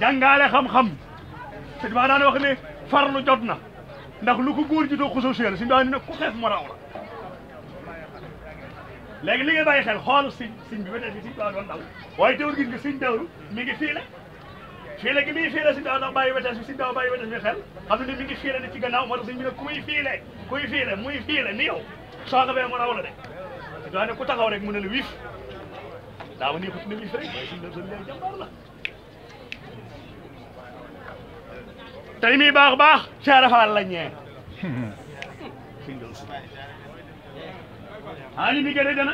jàngaale xam-xam sëñ baa daan wax ne farlu jot na ndax lu ko góor ji doo ko social suñu daan ne ku xeef moo raw la léegi li ngay bàyyi xel xool siñ bi si siñ baa doon daw waaye teewul gis nga siñ dawru mi ngi fii la fii la gi muy fii la siñ daaw ndax bàyyi wetees bi siñ daaw bàyyi wetees bi xel xam ne ni mi ngi fii la ne ci gannaaw moo tax siñ bi ne kuy fii la kuy fii la muy ni yow soo nga bee mu raw la de ne ku taxaw rek mu ne la wiif daa ma nii ko si ne wiif la te li muy baax baax Cheikh Fall la ñee a li mi gëne dana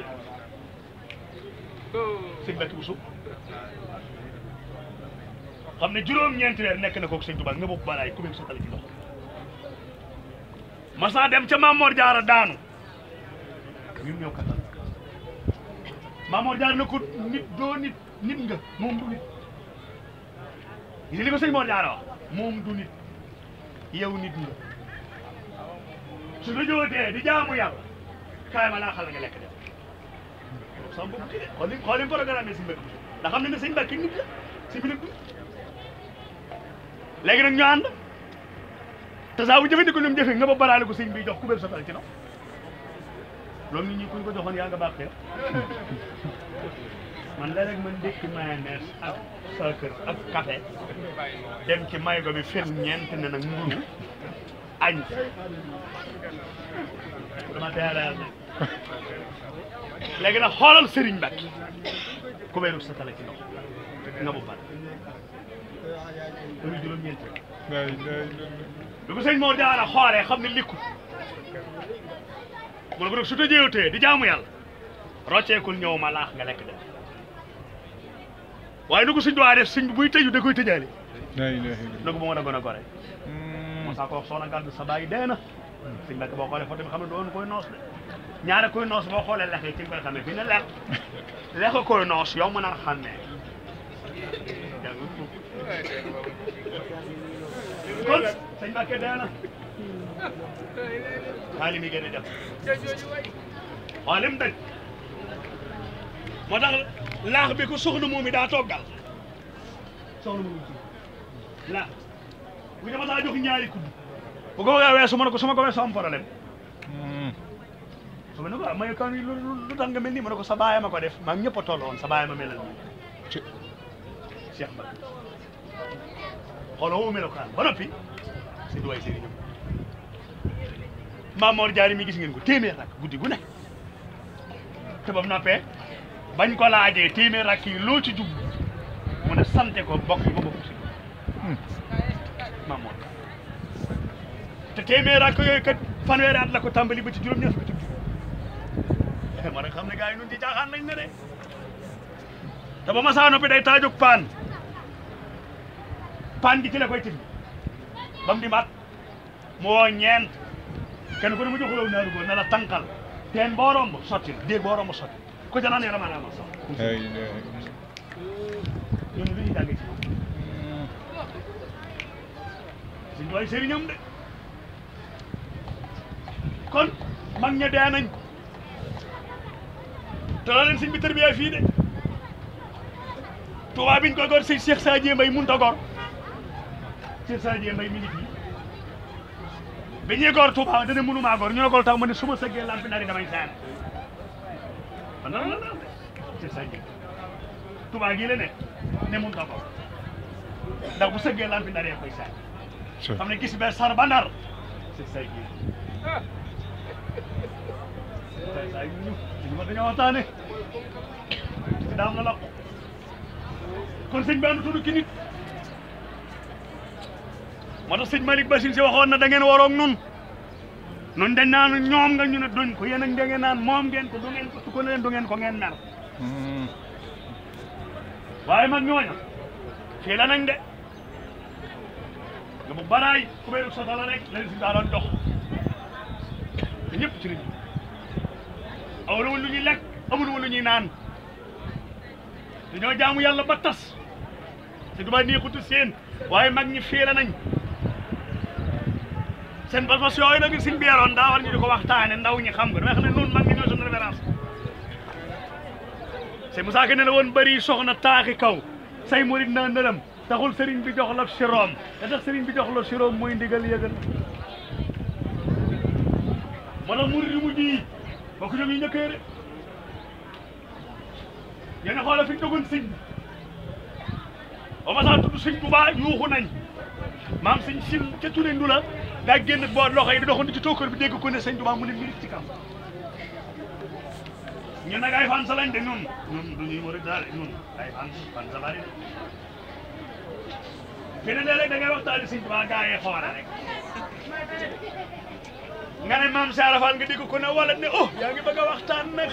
sëñ Mbacke Bousso xam ne juróom-ñeenti weer nekk na kook sëñ Tuubaa nga bopp balaay ku mel sa xale ji dox dem ca Mamor Jaara daanu ñun ñoo kattan Mamor Jaara na ko nit doo nit nit nga moom du nit gis nga li ko sëñ Mor Diarra wax moom du nit yow nit su la jootee di jaamu yàlla kaay ma laa xal nga lekk def sam bëgg li xool li programme yi sëñ Mbacke ndax xam ne ne sëñ Mbacke nit la si bi nag du léegi nag ñu ànd te saa bu jëfandikoo ñoom jëfe nga ba baraale ko sëñ bi jox ku béb sa tal no loolu nit ñi kuñ ko joxoon yaa nga baaxee man léeg-léeg man ndékki mayonnaise ak sucre ak café dem ci maygo bi fenn ñeent ne nag mburu añ dama teel a léegi nag xoolal Serigne Mbacké ku weeru sa tala ci ndox nga bu pare muy juróom-ñeent bi ko sëñ moo daara xoolee xam ne likku mu ne ko nag su tëjeewutee di jaamu yàlla rocceekul ñëw ma laax nga lekk dem waaye nu ko suñ doon def suñ bi buy tëju da koy tëjaale. na ko ba mën a gën a gore. Hmm. Moussa ko wax soxna sa baay dee na. suñ mbokk boo xoolee fa tamit xam ne doon noos de ñaare koy noos boo xoolee lex yi ci nga koy xamee fi ne lex lex koy noos yow mën a xàmmee. kon. sëñ Mbacke dee na xaalim yi gën a def xaalim dañ moo tax laax bi ku soxna moom yi daa toggal soxna moom yi laax bu dama daa jox ñaari kudd bu ko weesu ma ko su ma ko weesu am problème hmm. su ma ne ko ah, may kan ah, lu tax nga mel nii ma ko sa baay ma ko def maa ngi ñëpp a tolloon sa baay ma melal nii Cheikh Mbacke xooloo wu melokaan ba noppi sëñ waay sëriñam Maamoor Jaari mi gis ngeen ko téeméer rakk guddi gu ne te bam noppee bañ ko laajee téeméer rakk yi loo ci jublu mu ko bokk ba bokk si Maamoor hmm. te téeméer rakk yooyu kat fanweeri at la ko tàmbali ba ci juróom-ñaar fukki jub lañ ne de te ba ma saa noppi day taajug paan paan gi ci la koy tëj bam di mat mo ñent ken ko mu jox law naaru ko na la tankal ten bo romb soti de bo romb soti ko jana ne rama rama sax ñu ñu ñu dagge ci ci doy seriñam de kon mag ñe de nañ to la len sëñ bi terbiya fi de tubaab biñ ko gor sëñ Cheikh Sadie Mbay mun ta gor docteur Sadio Mbaye mi ngi fi bi ñuy góor Touba dana mënumaa góor ñu ne ko tax ma ne su ma sëggee lampi nari damay saan man ah, nan la naan docteur Sadio gii la ne mun ta góor bu sëggee lampi nari koy saan xam ne gis benn sar ba ndar docteur Sadio docteur Sadio ñu ma dañoo daam na kon sëñ bi am tudd moo tax sëñ Malick Bachir si waxoon na da ngeen waroog nun nun dañ naan ñoom nga ñu ne duñ ko yéen a ngeen naan moom ngeen ko du ngeen ko su ko leen du ngeen ko ngeen mer hmm. waaye man ñooña fii la nañ de nga bu baraay ku béy sota la rek si daaloon dox te ñëpp ci riñ amul woon lu ñuy lekk amul woon lu ñuy naan dañoo jaamu yàlla ba tas te du ma neexutu seen waaye mag ñi fii nañ sen pas-pas yooyu nag suñ bi yaroon daa war ñu diko waxtane ndaw ñi xam nga damay non mag ñi ñoo suñu reverence sëñ musa ke ne won bari soxna taaxi kaw say mourid na ndërëm taxul serign bi jox la siroom da tax serign bi jox la siroom moy ndigal yëgal moo mourid mu di bokk ñoom ñu njëkkee de yéen a xoolal fi ñu dogoon o ma sa tuddu sëñ bu baax yuuxu nañ maam sëñ sim ca Touré Ndula daa génn boo loxo yi da doxoon ci tookër bi dégg ko ne sëñ Tuubaa mu ne minit ci kam ñun nag ay fan sa lañ de ñun ñun du ñuy war a daal ñun ay fan fan sa bari fi ne léeg-léeg da ngay waxtaani sëñ Tuubaa gaa yee ne maam Saara Fall nga dégg ko ne wala oh yaa ngi bëgg a waxtaan nag